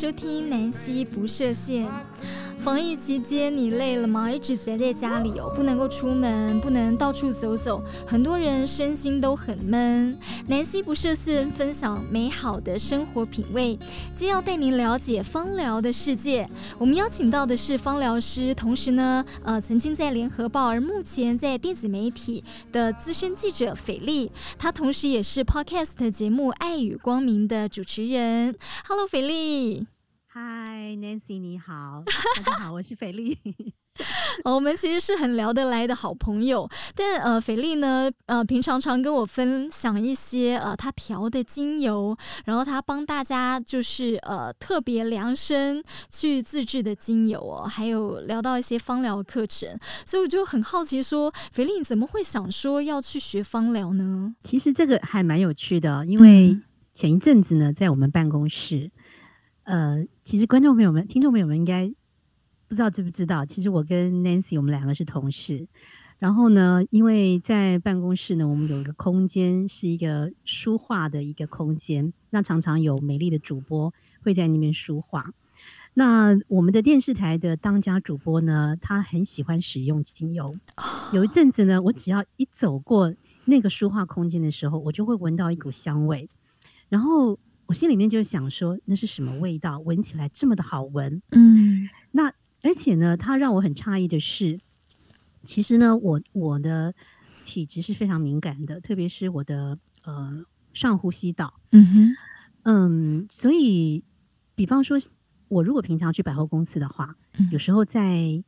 收聽南希不設限。防疫期間，你累了嗎？一直宅在，在家裡哦，不能夠出門，不能到處走走，很多人身心都很悶。南希不設限，分享美好的生活品味，今天要帶您了解芳療的世界。我們邀請到的是芳療師，同時呢，呃，曾經在聯合報，而目前在電子媒體的資深記者斐莉，她同時也是 Podcast 節目《愛與明光》的主持人。Hello，斐莉。Hi Nancy，你好，大家好， 我是斐莉、 哦。我們其實是很聊得來的好朋友，但呃，斐莉呢，呃，平常常跟我分享一些呃，她調的精油，然後她幫大家就是呃，特別量身去自製的精油哦，還有聊到一些芳療的課程，所以我就很好奇說，說斐莉你怎麼會想說要去學芳療呢？其實這個還蠻有趣的，因為前一陣子呢，在我們辦公室。嗯呃，其實觀眾朋友們、聽眾朋友們應該不知道知不知道，其實我跟 Nancy 我們兩個是同事。然後呢，因為在辦公室呢，我們有一個空間是一個梳化的一個空間，那常常有美麗的主播會在那邊梳化。那我們的電視台的當家主播呢，他很喜歡使用精油。有一陣子呢，我只要一走過那個梳化空間的時候，我就會聞到一股香味，然後。我心裡面就想說，那是什麼味道？聞起來這麼的好聞，嗯，那而且呢，它讓我很詫異的是，其實呢，我我的體質是非常敏感的，特別是我的呃上呼吸道，嗯哼，嗯，所以比方說，我如果平常去百貨公司的話，嗯，有時候在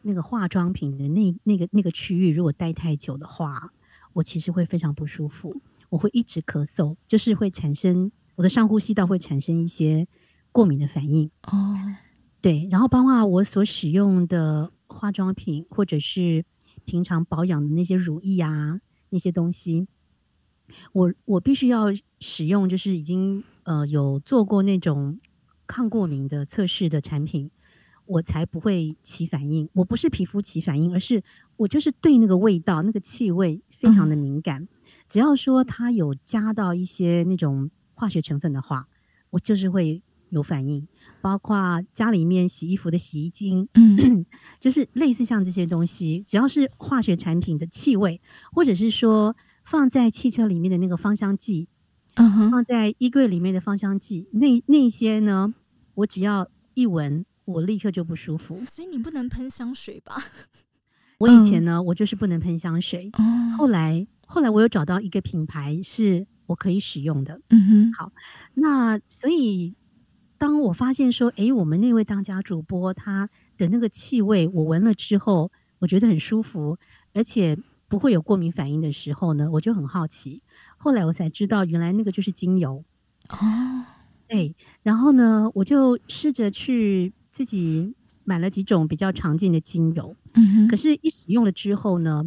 那個化妝品的那那個那個區域，如果待太久的話，我其實會非常不舒服，我會一直咳嗽，就是會產生。我的上呼吸道會產生一些過敏的反應哦，對，然後包括我所使用的化妝品或者是平常保養的那些乳液啊，那些東西，我我必須要使用就是已經呃有做過那種抗過敏的測試的產品，我才不會起反應。我不是皮膚起反應，而是我就是對那個味道、那個氣味非常的敏感。嗯、只要說它有加到一些那種。化學成分的話，我就是會有反應，包括家裡面洗衣服的洗衣精，嗯、就是類似像這些東西，只要是化學產品的氣味，或者是說放在汽車裡面的那個芳香劑，嗯、哼放在衣櫃裡面的芳香劑，那那些呢，我只要一聞，我立刻就不舒服。所以你不能噴香水吧？我以前呢，嗯、我就是不能噴香水。嗯、後來，後來我有找到一個品牌是。我可以使用的，嗯哼，好，那所以當我發現說，哎，我們那位當家主播他的那個氣味，我聞了之後，我覺得很舒服，而且不會有過敏反應的時候呢，我就很好奇。後來我才知道，原來那個就是精油哦，對。然後呢，我就試着去自己買了幾種比較常見的精油，嗯哼。可是，一使用了之後呢，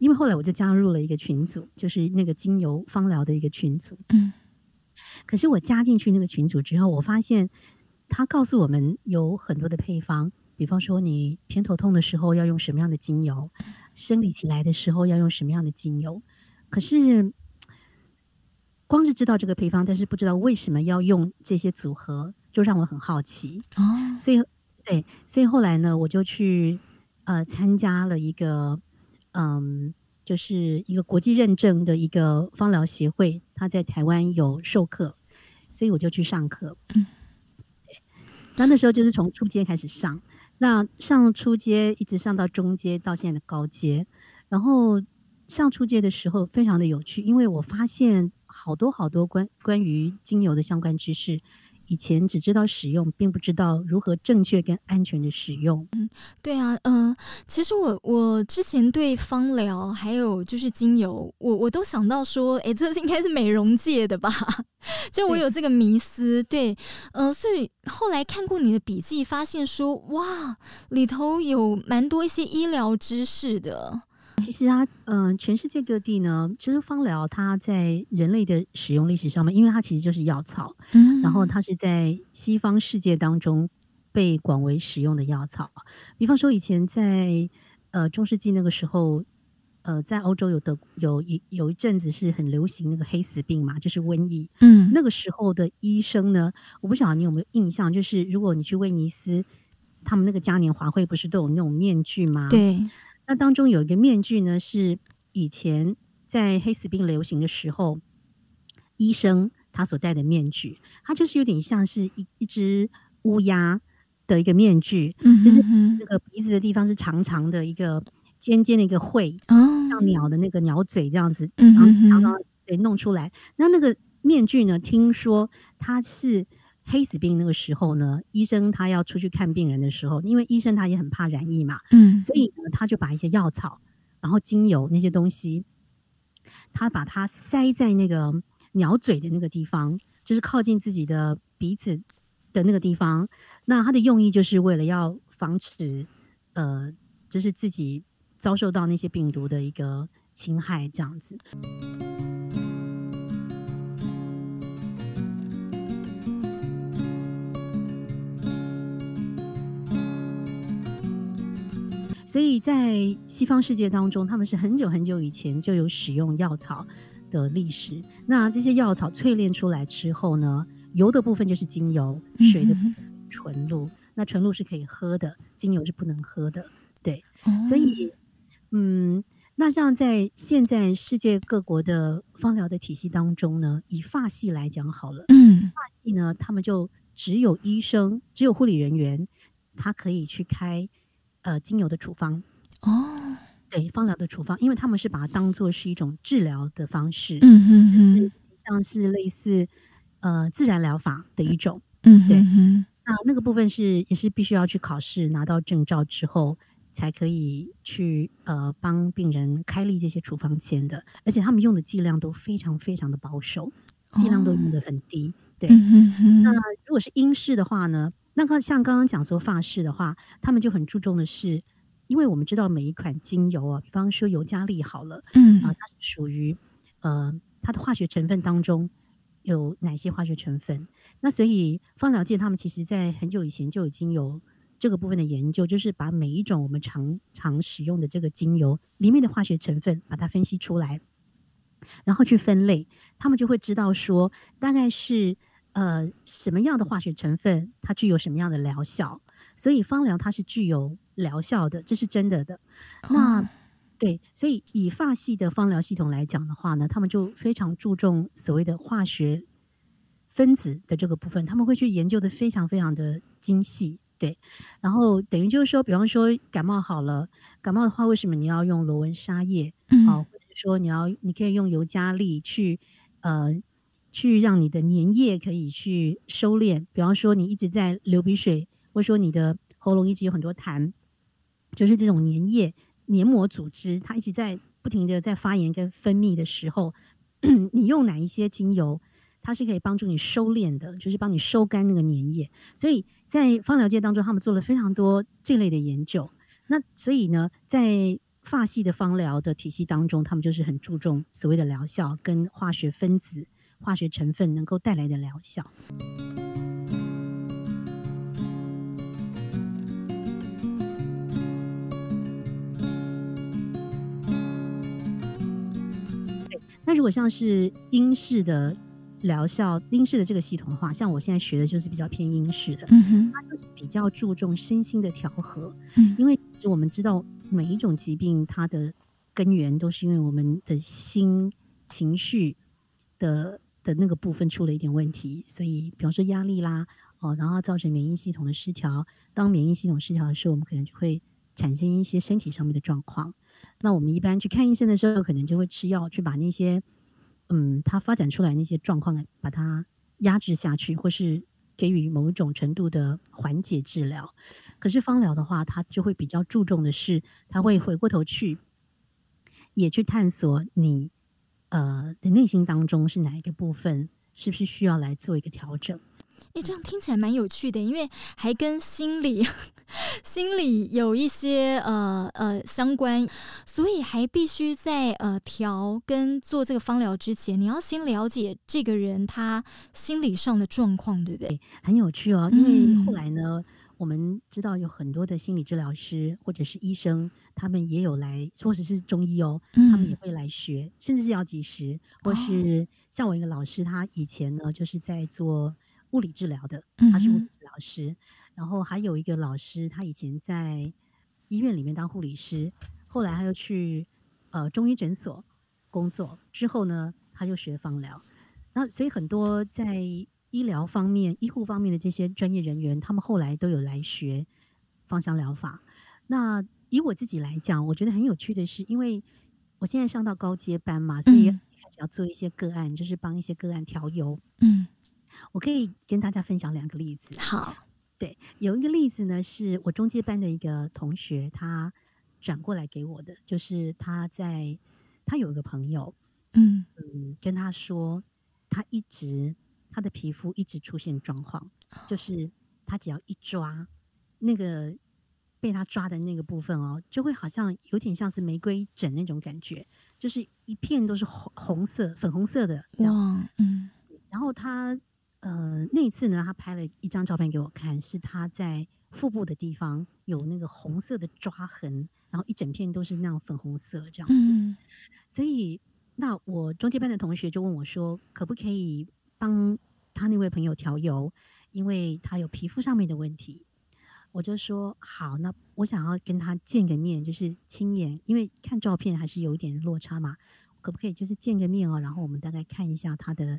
因為後來我就加入了一個群組，就是那個精油芳療的一個群組。嗯。可是我加進去那個群組之後，我發現他告訴我們有很多的配方，比方說你偏頭痛的時候要用什麼樣的精油，生理期來的時候要用什麼樣的精油。可是光是知道這個配方，但是不知道為什麼要用這些組合，就讓我很好奇。哦。所以，對，所以後來呢，我就去呃參加了一個。嗯，就是一個國際認證的一個芳療協會，他在台灣有授課，所以我就去上課。嗯，那那時候就是從初階開始上，那上初階一直上到中階，到現在的高階。然後上初階的時候非常的有趣，因為我發現好多好多關關於精油的相關知識。以前只知道使用，並不知道如何正確跟安全的使用。嗯，對啊，嗯、呃，其實我我之前對芳療還有就是精油，我我都想到說，誒，這應該是美容界的吧？就我有這個迷思。對，嗯、呃，所以後來看過你的筆記，發現說，哇，裡頭有蠻多一些醫療知識的。其實啊，嗯、呃，全世界各地呢，其實芳療它在人類的使用歷史上面，因為它其實就是藥草，嗯，嗯，然後它是在西方世界當中被廣為使用的藥草。比方說，以前在呃中世紀那個時候，呃，在歐洲有的有，有一有一陣子是很流行那個黑死病嘛，就是瘟疫。嗯，那個時候的醫生呢，我不曉得你有沒有印象，就是如果你去威尼斯，他們那個嘉年華會不是都有那種面具嗎？對。那當中有一個面具呢，是以前在黑死病流行的時候，醫生他所戴的面具，它就是有點像是一一隻烏鴉的一個面具，嗯、哼哼，就是那個鼻子的地方是長長的一個尖尖的一個喙，哦、像鳥的那個鳥嘴這樣子，長長長給弄出來。嗯、哼哼，那那個面具呢，聽說它是。黑死病那個時候呢，醫生他要出去看病人的時候，因為醫生他也很怕染疫嘛，嗯，所以他就把一些藥草，然後精油那些東西，他把它塞在那個鳥嘴的那個地方，就是靠近自己的鼻子的那個地方。那他的用意就是為了要防止，呃，就是自己遭受到那些病毒的一個侵害，這樣子。所以在西方世界當中，他們是很久很久以前就有使用藥草的歷史。那這些藥草淬煉出來之後呢，油的部分就是精油，水的部分純露。那純露是可以喝的，精油是不能喝的。對，嗯、所以嗯，那像在現在世界各國的芳療的體系當中呢，以法系來講好了，嗯、法系呢，他們就只有醫生，只有護理人員，他可以去開。呃，精油的處方哦，對，芳療的處方，因為他們是把它當做是一種治療的方式，嗯嗯嗯，是像是類似呃自然療法的一種，嗯對，嗯哼哼，那那個部分是也是必須要去考試拿到證照之後才可以去呃幫病人開立這些處方簽的，而且他們用的劑量都非常非常的保守，劑量都用得很低，哦、對。嗯嗯。那如果是英式的話呢？那像剛剛講說法式的話，他們就很注重的是，因為我們知道每一款精油啊，比方說尤加利好了，嗯啊，它是屬於呃它的化學成分當中有哪些化學成分？那所以芳療界他們其實在很久以前就已經有這個部分的研究，就是把每一種我們常常使用的這個精油裡面的化學成分把它分析出來，然後去分類，他們就會知道說大概是。呃，什麼樣的化學成分，它具有什麼樣的療效？所以，芳療它是具有療效的，這是真的的。哦、那對，所以以發系的芳療系統來講的話呢，他們就非常注重所謂的化學分子的這個部分，他們會去研究的非常非常的精細。對，然後等於就是說，比方說感冒好了，感冒的話，為什麼你要用羅文莎葉？嗯哼，好、呃，或者說你要，你可以用尤加利去，呃。去讓你的黏液可以去收斂，比方說你一直在流鼻水，或者說你的喉嚨一直有很多痰，就是這種黏液黏膜組織它一直在不停的在發炎跟分泌的時候，你用哪一些精油，它是可以幫助你收斂的，就是幫你收乾那個黏液。所以在芳療界當中，他們做了非常多這類的研究。那所以呢，在法系的芳療的體系當中，他們就是很注重所謂的療效跟化學分子，化學成分能夠帶來的療效。那如果像是英式的療效，英式的這個系統的話，像我現在學的就是比較偏英式的，它就比較注重身心的調和。因為其實我們知道，每一種疾病它的根源都是因為我們的心情緒的。的那個部分出了一點問題，所以比方說壓力啦，哦，然後造成免疫系統的失調。當免疫系統失調的時候，我們可能就會產生一些身體上面的狀況。那我們一般去看醫生的時候，可能就會吃藥去把那些，嗯，它發展出來的那些狀況，把它壓制下去，或是給予某種程度的緩解治療。可是芳療的話，它就會比較注重的是，它會回過頭去，也去探索你。呃，的內心當中是哪一個部分，是不是需要來做一個調整？哎、欸，這樣聽起來蠻有趣的，因為還跟心理、心理有一些呃呃相關，所以還必須在呃調跟做這個芳療之前，你要先了解這個人他心理上的狀況，對不對？欸，很有趣哦，因為後來呢。嗯我們知道有很多的心理治療師或者是醫生，他們也有來，或者是中醫哦，他們也會來學，嗯、甚至是藥劑師，或是像我一個老師，他以前呢就是在做物理治療的，他是物理治療師，嗯、然後還有一個老師，他以前在醫院裡面當護理師，後來他又去呃中醫診所工作，之後呢他就學芳療，那所以很多在。醫療方面、醫護方面的這些專業人員，他們後來都有來學芳香療法。那以我自己來講，我覺得很有趣的是，因為我現在上到高階班嘛，嗯，所以開始要做一些個案，就是幫一些個案調油。嗯，我可以跟大家分享兩個例子。好，對，有一個例子呢，是我中階班的一個同學，他轉過來給我的，就是他在他有一個朋友，嗯嗯，跟他說他一直。他的皮膚一直出現狀況，就是他只要一抓，那個被他抓的那個部分哦，就會好像有點像是玫瑰疹那種感覺，就是一片都是紅紅色、粉紅色的這樣。哇，嗯。然後他呃那一次呢，他拍了一張照片給我看，是他在腹部的地方有那個紅色的抓痕，然後一整片都是那種粉紅色這樣子。嗯。所以，那我中階班的同學就問我說：“可不可以？”幫他那位朋友調油，因為他有皮膚上面的問題，我就說好，那我想要跟他見個面，就是親眼，因為看照片還是有一點落差嘛，我可不可以就是見個面哦，然後我們大概看一下他的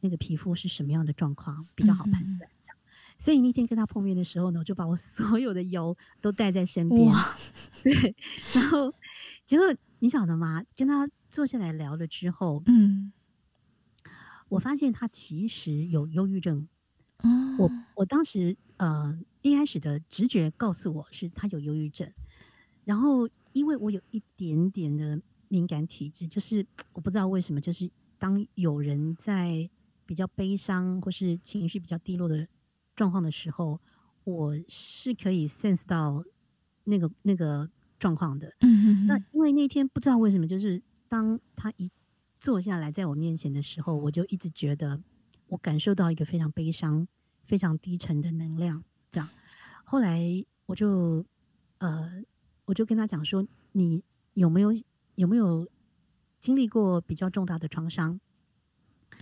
那個皮膚是什麼樣的狀況比較好判斷。嗯哼。所以那天跟他碰面的時候呢，我就把我所有的油都帶在身邊。哇對，然後結果你曉得嗎？跟他坐下來聊了之後，嗯。我發現他其實有憂鬱症。Oh. 我我當時呃一開始的直覺告訴我是他有憂鬱症，然後因為我有一點點的敏感體質，就是我不知道為什麼，就是當有人在比較悲傷或是情緒比較低落的狀況的時候，我是可以 sense 到那個那個狀況的。Mm hmm. 那因為那天不知道為什麼，就是當他一坐下來在我面前的時候，我就一直覺得，我感受到一個非常悲傷、非常低沉的能量。這樣，後來我就呃，我就跟他講說，你有沒有有沒有經歷過比較重大的創傷？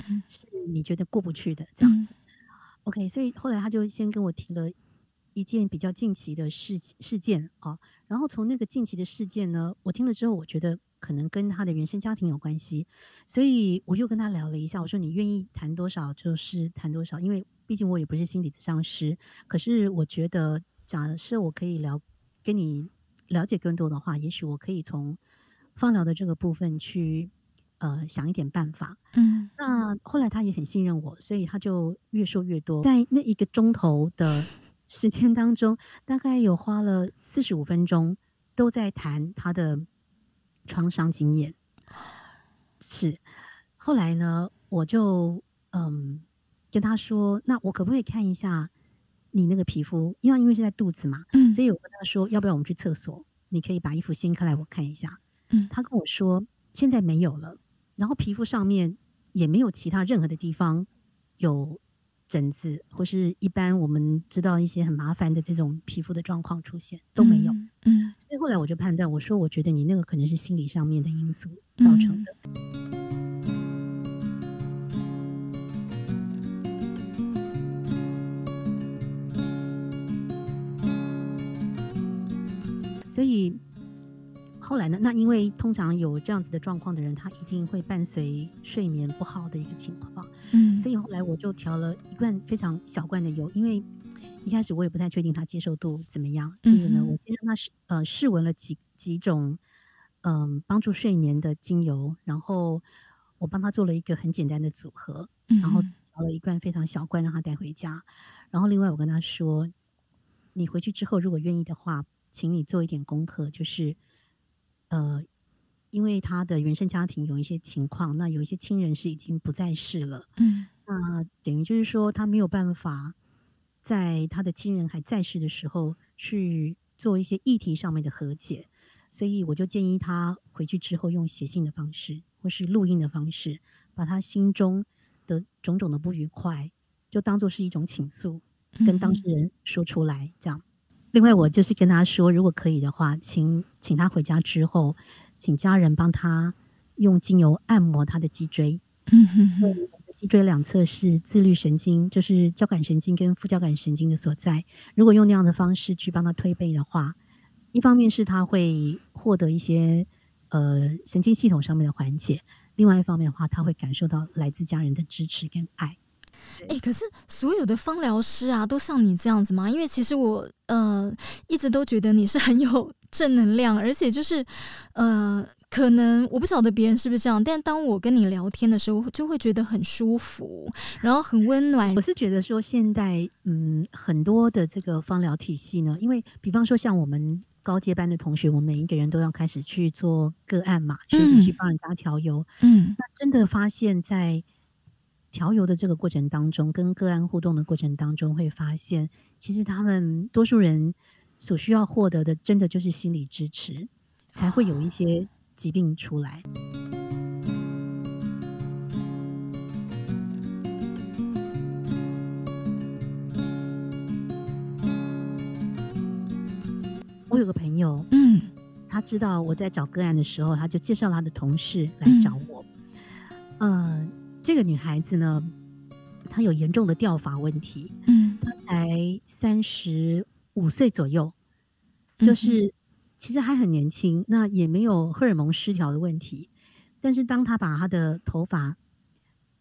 嗯。是你覺得過不去的這樣子。嗯。OK，所以後來他就先跟我提了一件比較近期的事事件啊，然後從那個近期的事件呢，我聽了之後，我覺得。可能跟他的原生家庭有關係，所以我就跟他聊了一下。我說：“你願意談多少就是談多少，因為畢竟我也不是心理諮商師。可是我覺得，假設我可以聊，跟你了解更多的話，也許我可以從放療的這個部分去，呃，想一點辦法。”嗯，那後來他也很信任我，所以他就越說越多。在那一個鐘頭的時間當中， 大概有花了四十五分鐘，都在談他的。創傷經驗是，後來呢，我就嗯跟他說，那我可不可以看一下你那個皮膚？因為因為是在肚子嘛，嗯，所以我跟他說，要不要我們去廁所？你可以把衣服掀開來我看一下。嗯，他跟我說現在沒有了，然後皮膚上面也沒有其他任何的地方有疹子，或是一般我們知道一些很麻煩的這種皮膚的狀況出現，都沒有，嗯，嗯，所以後來我就判斷，我說我覺得你那個可能是心理上面的因素造成的，嗯，所以。後來呢，那因為通常有這樣子的狀況的人，他一定會伴隨睡眠不好的一個情況。嗯，所以後來我就調了一罐非常小罐的油，因為一開始我也不太確定他接受度怎麼樣，所以呢，嗯嗯我先讓他呃試呃試聞了幾幾種嗯、呃、幫助睡眠的精油，然後我幫他做了一個很簡單的組合，然後調了一罐非常小罐讓他帶回家。嗯嗯然後另外我跟他說，你回去之後如果願意的話，請你做一點功課，就是。呃，因為他的原生家庭有一些情況，那有一些親人是已經不在世了，嗯，那等於就是說他沒有辦法在他的親人還在世的時候去做一些議題上面的和解，所以我就建議他回去之後用寫信的方式或是錄音的方式，把他心中的種種的不愉快就當做是一種傾訴，跟當事人說出來，嗯、哼這樣。另外，我就是跟他說，如果可以的話，請請他回家之後，請家人幫他用精油按摩他的脊椎。 脊椎兩側是自律神經，就是交感神經跟副交感神經的所在。如果用那樣的方式去幫他推背的話，一方面是他會獲得一些呃神經系統上面的緩解，另外一方面的話，他會感受到來自家人的支持跟愛。哎、欸，可是所有的芳療師啊，都像你這樣子嗎？因為其實我呃一直都覺得你是很有正能量，而且就是呃可能我不曉得別人是不是這樣，但當我跟你聊天的時候，就會覺得很舒服，然後很溫暖。我是覺得說現在嗯很多的這個芳療體系呢，因為比方說像我們高階班的同學，我們每一個人都要開始去做個案嘛，就是、嗯、去幫人家調油，嗯，那真的發現，在調油的這個過程當中，跟個案互動的過程當中，會發現，其實他們多數人所需要獲得的，真的就是心理支持，才會有一些疾病出來。哦、我有個朋友，他知道我在找個案的時候，他就介紹他的同事來找我。嗯。呃這個女孩子呢，她有嚴重的掉髮問題。嗯，她才三十五歲左右，就是、嗯、哼其實還很年輕，那也沒有荷爾蒙失調的問題。但是，當她把她的頭髮，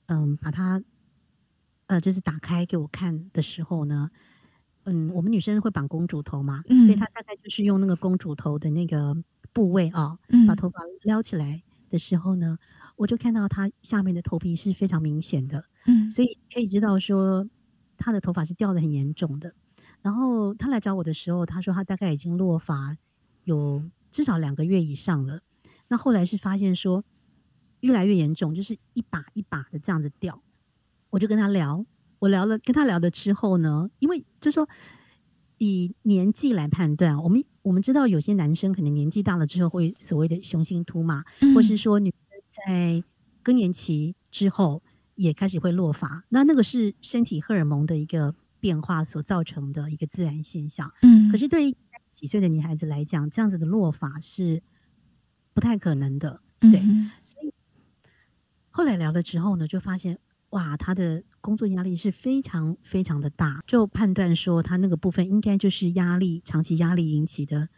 嗯，把它，呃，就是打開給我看的時候呢，嗯，我們女生會綁公主頭嘛，嗯、所以她大概就是用那個公主頭的那個部位啊、哦，把頭髮撩起來的時候呢。嗯嗯我就看到他下面的頭皮是非常明顯的，嗯，所以可以知道說他的頭髮是掉得很嚴重的。然後他來找我的時候，他說他大概已經落髮有至少兩個月以上了。那後來是發現說越來越嚴重，就是一把一把的這樣子掉。我就跟他聊，我聊了跟他聊了之後呢，因為就是說以年紀來判斷我們我們知道有些男生可能年紀大了之後會所謂的雄性禿嘛，嗯、或是說女。在更年期之後也開始會落髮，那那個是身體荷爾蒙的一個變化所造成的一個自然現象。嗯，可是對於三十幾歲的女孩子來講，這樣子的落髮是不太可能的。對，嗯，所以後來聊了之後呢，就發現哇，她的工作壓力是非常非常的大，就判斷說她那個部分應該就是壓力，長期壓力引起的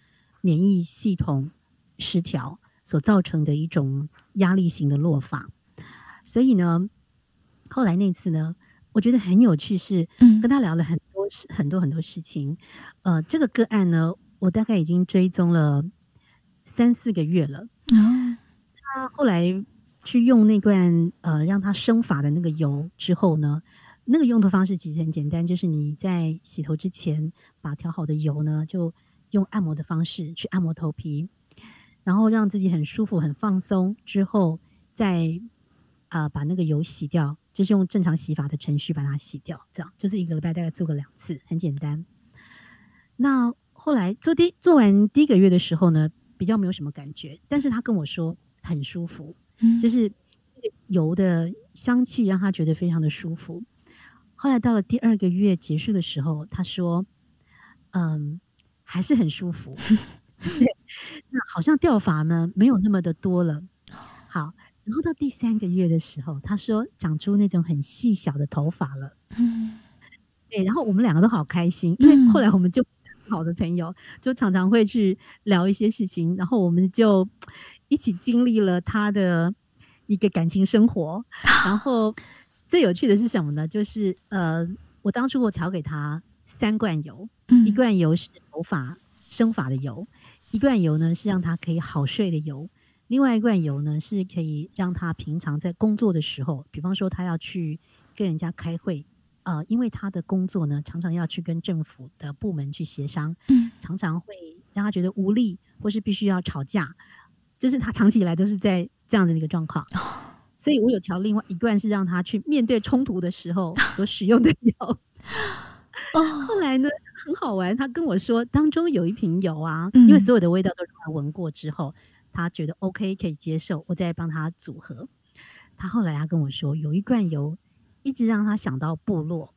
免疫系統失調。所造成的一種壓力型的落髮，所以呢，後來那次呢，我覺得很有趣是，是跟他聊了很多事，嗯、很多很多事情。呃，這個個案呢，我大概已經追蹤了三四個月了。哦、他後來去用那罐呃讓他生髮的那個油之後呢，那個用的方式其實很簡單，就是你在洗頭之前把調好的油呢，就用按摩的方式去按摩頭皮。然後讓自己很舒服、很放鬆，之後再啊、呃、把那個油洗掉，就是用正常洗法的程序把它洗掉，這樣就是一個禮拜大概做個兩次，很簡單。那後來做第做完第一個月的時候呢，比較沒有什麼感覺，但是他跟我說很舒服，嗯、就是油的香氣讓他覺得非常的舒服。後來到了第二個月結束的時候，他說：“嗯，還是很舒服。 ”那好像掉髮呢，沒有那麼的多了。好，然後到第三個月的時候，他說長出那種很細小的頭髮了。嗯，對，然後我們兩個都好開心，因為後來我們就好的朋友、嗯、就常常會去聊一些事情，然後我們就一起經歷了他的一個感情生活。嗯、然後最有趣的是什麼呢？就是呃，我當初我調給他三罐油，嗯、一罐油是頭髮生髮的油。一罐油呢是讓他可以好睡的油，另外一罐油呢是可以讓他平常在工作的時候，比方說他要去跟人家開會，呃，因為他的工作呢常常要去跟政府的部門去協商，嗯、常常會讓他覺得無力或是必須要吵架，就是他長期以來都是在這樣子的一個狀況，哦、所以我有調另外一罐是讓他去面對衝突的時候所使用的油。 哦， 後來呢？很好玩，他跟我說當中有一瓶油啊，因為所有的味道都讓他聞過之後，嗯，他覺得 OK 可以接受，我再幫他組合。他後來他跟我說，有一罐油一直讓他想到部落，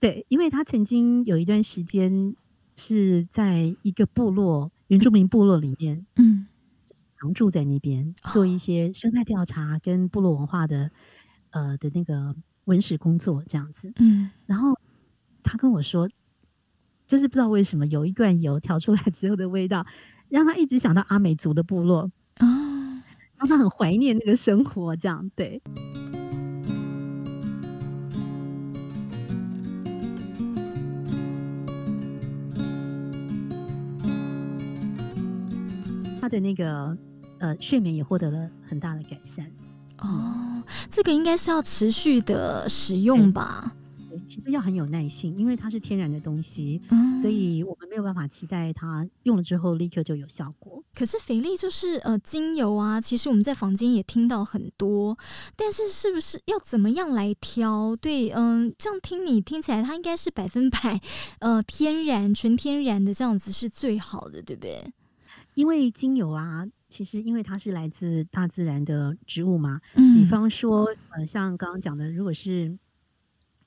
對，因為他曾經有一段時間是在一個部落原住民部落裡面，嗯，常住在那邊做一些生態調查跟部落文化的，哦，呃的那個文史工作這樣子，嗯，然後他跟我說。就是不知道為什麼有一罐油調出來之後的味道，讓他一直想到阿美族的部落啊，哦，讓他很懷念那個生活，這樣對。他的那個呃睡眠，也獲得了很大的改善哦，這個應該是要持續的使用吧。嗯其實要很有耐心，因為它是天然的東西，嗯、所以我們沒有辦法期待它用了之後立刻就有效果。可是斐莉就是呃，精油啊，其實我們在坊間也聽到很多，但是是不是要怎麼樣來挑？對，嗯，這樣聽你聽起來，它應該是百分百呃天然、純天然的這樣子是最好的，對不對？因為精油啊，其實因為它是來自大自然的植物嘛，嗯，比方說，呃，像剛剛講的，如果是。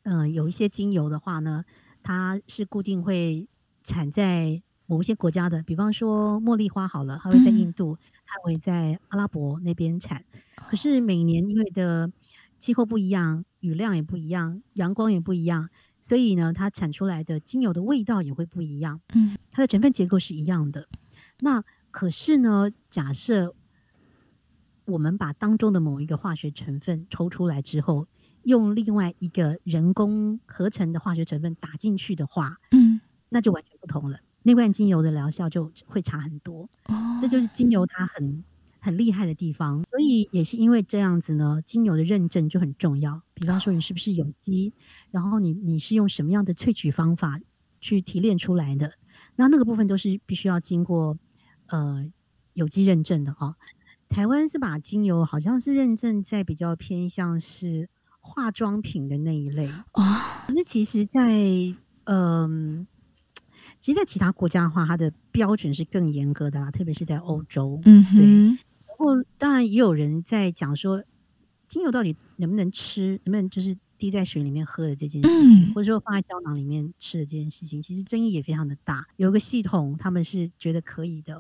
嗯、呃，有一些精油的話呢，它是固定會產在某些國家的，比方說茉莉花好了，它會在印度，嗯、它會在阿拉伯那邊產。可是每年因為的氣候不一樣，雨量也不一樣，陽光也不一樣，所以呢，它產出來的精油的味道也會不一樣。嗯，它的成分結構是一樣的。嗯、那可是呢，假設我們把當中的某一個化學成分抽出來之後。用另外一個人工合成的化學成分打進去的話，嗯，那就完全不同了。那罐精油的療效就會差很多。哦，這就是精油它很很厲害的地方。所以也是因為這樣子呢，精油的認證就很重要。比方說，你是不是有機，然後你你是用什麼樣的萃取方法去提煉出來的，那那個部分都是必須要經過呃有機認證的哦，台灣是把精油好像是認證在比較偏向是。化妝品的那一類哦，oh. 可是其實在，在、呃、嗯，其實，在其他國家的話，它的標準是更嚴格的啦，特別是在歐洲。嗯哼、mm hmm. 對，然後，當然也有人在講說，精油到底能不能吃，能不能就是滴在水裡面喝的這件事情，mm hmm. 或者說放在膠囊裡面吃的這件事情，其實爭議也非常的大。有一個系統，他們是覺得可以的，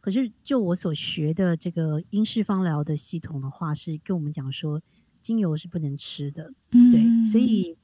可是就我所學的這個英式芳療的系統的話，是跟我們講說。精油是不能吃的，嗯、對，所以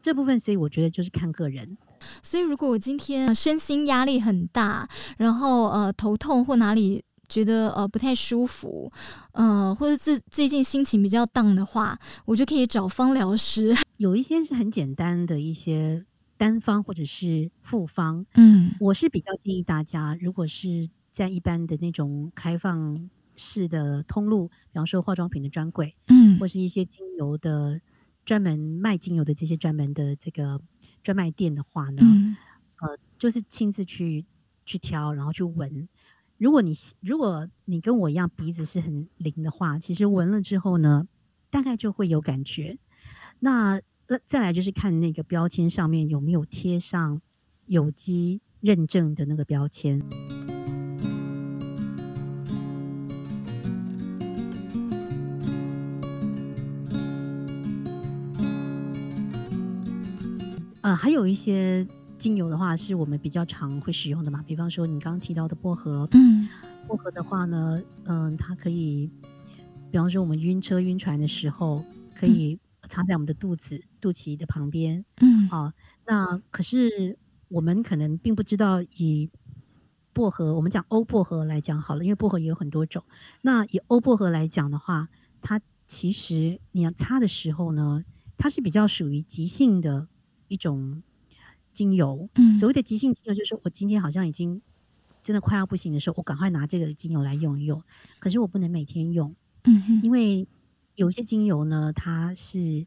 這部分，所以我覺得就是看個人。所以如果我今天身心壓力很大，然後呃頭痛或哪裡覺得呃不太舒服，嗯、呃，或者最最近心情比較蕩的話，我就可以找芳療師。有一些是很簡單的一些單方或者是複方，嗯，我是比較建議大家，如果是在一般的那種開放。是的，通路，比方說化妝品的專櫃，嗯，或是一些精油的專門賣精油的這些專門的這個專賣店的話呢，嗯、呃，就是親自去去挑，然後去聞。如果你如果你跟我一樣鼻子是很靈的話，其實聞了之後呢，大概就會有感覺。那再再來就是看那個標籤上面有沒有貼上有機認證的那個標籤。呃，還有一些精油的話，是我們比較常會使用的嘛。比方說，你剛剛提到的薄荷，嗯，薄荷的話呢，嗯，它可以，比方說，我們暈車暈船的時候，可以擦在我們的肚子、肚臍的旁邊，嗯，好，啊。那可是我們可能並不知道，以薄荷，我們講歐薄荷來講好了，因為薄荷也有很多種。那以歐薄荷來講的話，它其實你要擦的時候呢，它是比較屬於急性的。一種精油，所謂的急性精油，就是我今天好像已經真的快要不行的時候，我趕快拿這個精油來用一用。可是我不能每天用，嗯、哼因為有些精油呢，它是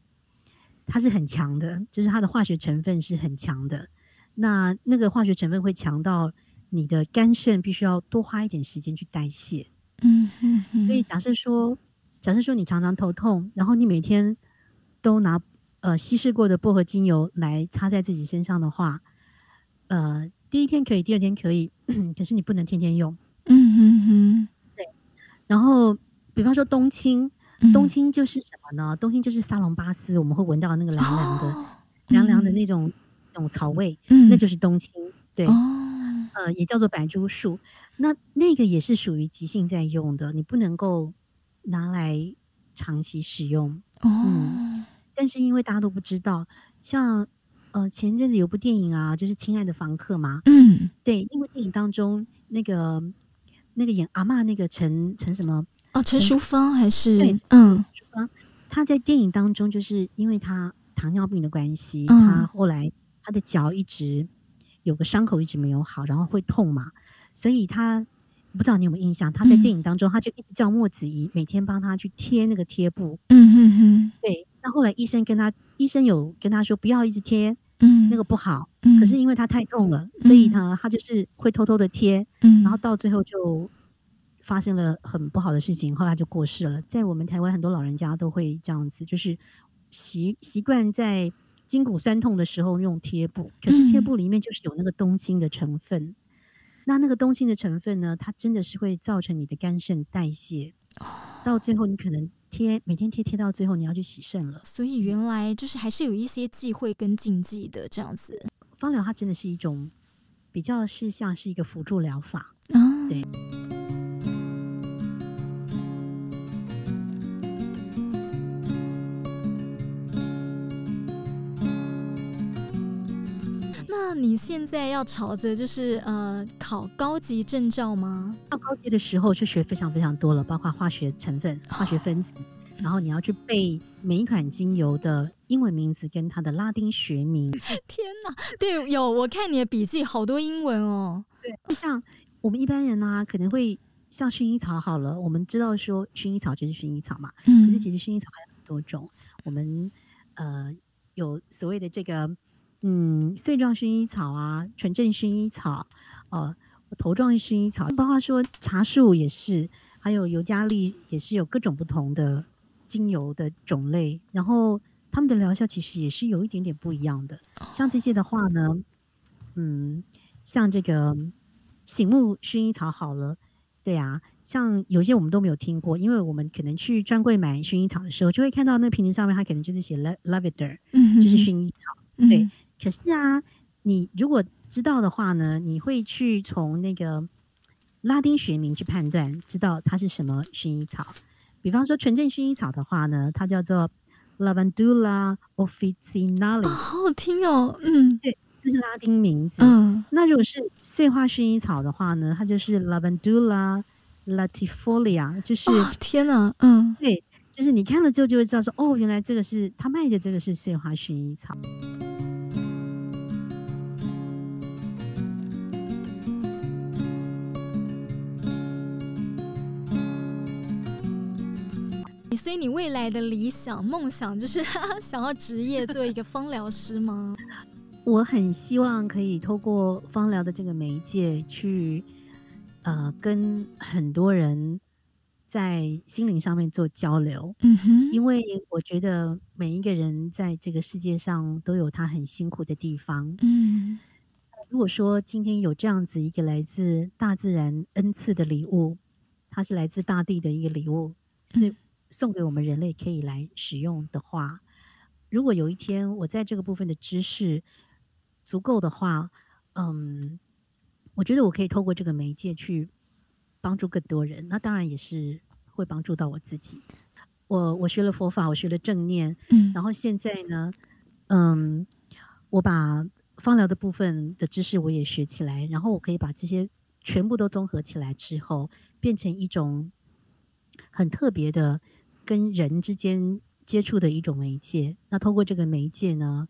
它是很強的，就是它的化學成分是很強的。那那個化學成分會強到你的肝腎必須要多花一點時間去代謝。嗯嗯哼。所以假設說，假設說你常常頭痛，然後你每天都拿。呃，稀釋過的薄荷精油來擦在自己身上的話，呃，第一天可以，第二天可以，呵呵，可是你不能天天用。嗯嗯嗯，對。然後，比方說冬青，冬青就是什麼呢？嗯、冬青就是沙龍巴斯，我們會聞到那個涼涼的、涼涼、哦、的那種那種草味，嗯、那就是冬青。對，哦、呃，也叫做白珠樹。那那個也是屬於急性在用的，你不能夠拿來長期使用。嗯、哦。但是因為大家都不知道，像呃前陣子有部電影啊，就是《親愛的房客》嘛，嗯，對，因為電影當中那個那個演阿嬤那個陳陳什麼哦陳淑芳還是對，嗯淑芳，他在電影當中就是因為他糖尿病的關係，嗯、他後來他的腳一直有個傷口一直沒有好，然後會痛嘛，所以他不知道你有沒有印象，他在電影當中、嗯、他就一直叫莫子儀每天幫他去貼那個貼布，嗯嗯嗯，對。那後來醫生跟他醫生有跟他說不要一直貼，嗯，那個不好。嗯，可是因為他太痛了，嗯，所以他他就是會偷偷的貼，嗯，然後到最後就發生了很不好的事情，後來就過世了。在我們台灣，很多老人家都會這樣子，就是習習慣在筋骨痠痛的時候用貼布，可是貼布裡面就是有那個冬青的成分。嗯，那那個冬青的成分呢，它真的是會造成你的肝腎代謝，到最後你可能。貼，每天貼貼到最後，你要去洗腎了。所以原來就是還是有一些忌諱跟禁忌的這樣子。芳療它真的是一種比較是像是一個輔助療法啊，對。那你現在要朝着就是呃考高級證照嗎？到高級的時候就學非常非常多了，包括化學成分、化學分子，哦、然後你要去背每一款精油的英文名字跟它的拉丁學名。天哪，對，有我看你的筆記好多英文哦。對，就像我們一般人呢、啊，可能會像薰衣草好了，我們知道說薰衣草就是薰衣草嘛，嗯、可是其實薰衣草還有很多種。我們呃有所謂的這個。嗯，穗狀薰衣草啊，純正薰衣草，哦、呃，頭狀薰衣草。包括說，茶樹也是，還有尤加利也是有各種不同的精油的種類，然後它們的療效其實也是有一點點不一樣的。像這些的話呢，嗯，像這個醒目薰衣草好了，對啊，像有些我們都沒有聽過，因為我們可能去專櫃買薰衣草的時候，就會看到那瓶子上面它可能就是寫 Lavender，嗯哼哼，就是薰衣草，對。嗯哼哼可是啊，你如果知道的話呢，你會去從那個拉丁學名去判斷，知道它是什麼薰衣草。比方說純正薰衣草的話呢，它叫做 Lavandula officinalis，、哦、好好聽哦。嗯，對，這是拉丁名字。嗯，那如果是碎花薰衣草的話呢，它就是 Lavandula latifolia，就是、哦、天吶。嗯，對，就是你看了之後就會知道說，哦，原來這個是他賣的，這個是碎花薰衣草。所以你未來的理想夢想就是 想要職業做一個芳療師嗎？ 我很希望可以透過芳療的這個媒介去，呃，跟很多人在心靈上面做交流。嗯、哼因為我覺得每一個人在這個世界上都有他很辛苦的地方。嗯，如果說今天有這樣子一個來自大自然恩賜的禮物，它是來自大地的一個禮物，嗯、是。送給我們人類可以來使用的話，如果有一天我在這個部分的知識足夠的話，嗯，我覺得我可以透過這個媒介去幫助更多人，那當然也是會幫助到我自己。我我學了佛法，我學了正念，嗯，然後現在呢，嗯，我把芳療的部分的知識我也學起來，然後我可以把這些全部都綜合起來之後，變成一種很特別的。跟人之間接觸的一種媒介，那透過這個媒介呢，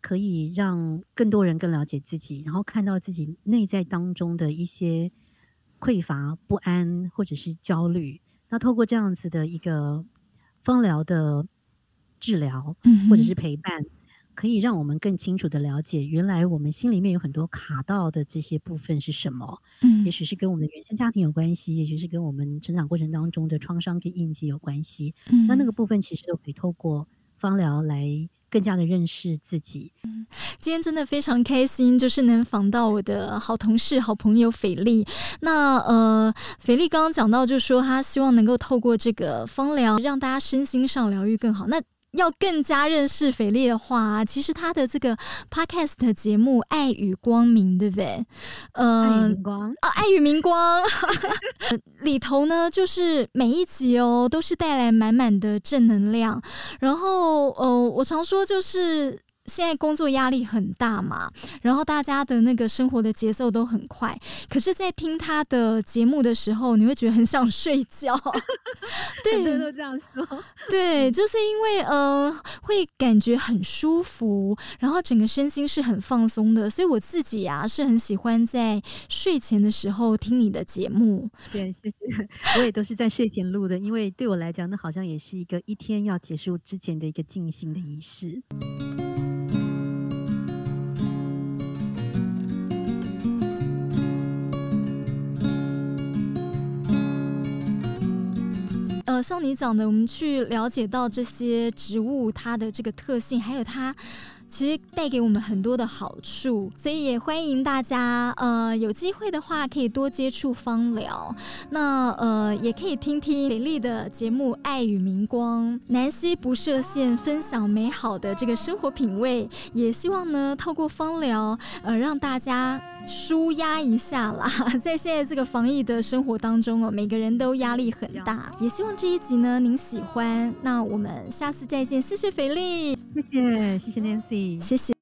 可以讓更多人更了解自己，然後看到自己內在當中的一些匱乏、不安或者是焦慮。那透過這樣子的一個芳療的治療，嗯，哼或者是陪伴。可以讓我們更清楚的了解，原來我們心裡面有很多卡到的這些部分是什麼？嗯，也許是跟我們的原生家庭有關係，也許是跟我們成長過程當中的創傷跟印記有關係。嗯，那那個部分其實都可以透過芳療來更加的認識自己。嗯，今天真的非常開心，就是能訪到我的好同事、好朋友斐莉。那呃，斐莉剛剛講到就，就說她希望能夠透過這個芳療，讓大家身心上療癒更好。那要更加認識斐莉的話，其實他的這個 podcast 節目《愛與光明》對，對不對？嗯，愛與光啊，愛與明光 裡頭呢，就是每一集哦，都是帶來滿滿的正能量。然後，呃，我常說就是。現在工作壓力很大嘛，然後大家的那個生活的節奏都很快，可是，在聽他的節目的時候，你會覺得很想睡覺。 對，很多都這樣說，對，就是因為嗯、呃，會感覺很舒服，然後整個身心是很放鬆的，所以我自己啊，是很喜歡在睡前的時候聽你的節目。對，謝謝，我也都是在睡前錄的， 因為對我來講，那好像也是一個一天要結束之前的一個靜心的儀式。呃，像你講的，我們去了解到這些植物它的這個特性，還有它其實帶給我們很多的好處，所以也歡迎大家，呃，有機會的話可以多接觸芳療，那呃，也可以聽聽斐莉的節目《愛與明光》，南希不設限分享美好的這個生活品味，也希望呢，透過芳療，呃，讓大家。舒壓一下啦，在現在這個防疫的生活當中哦，每個人都壓力很大，也希望這一集呢，您喜歡。那我們下次再見，謝謝斐莉，謝謝，謝謝 Nancy，謝謝。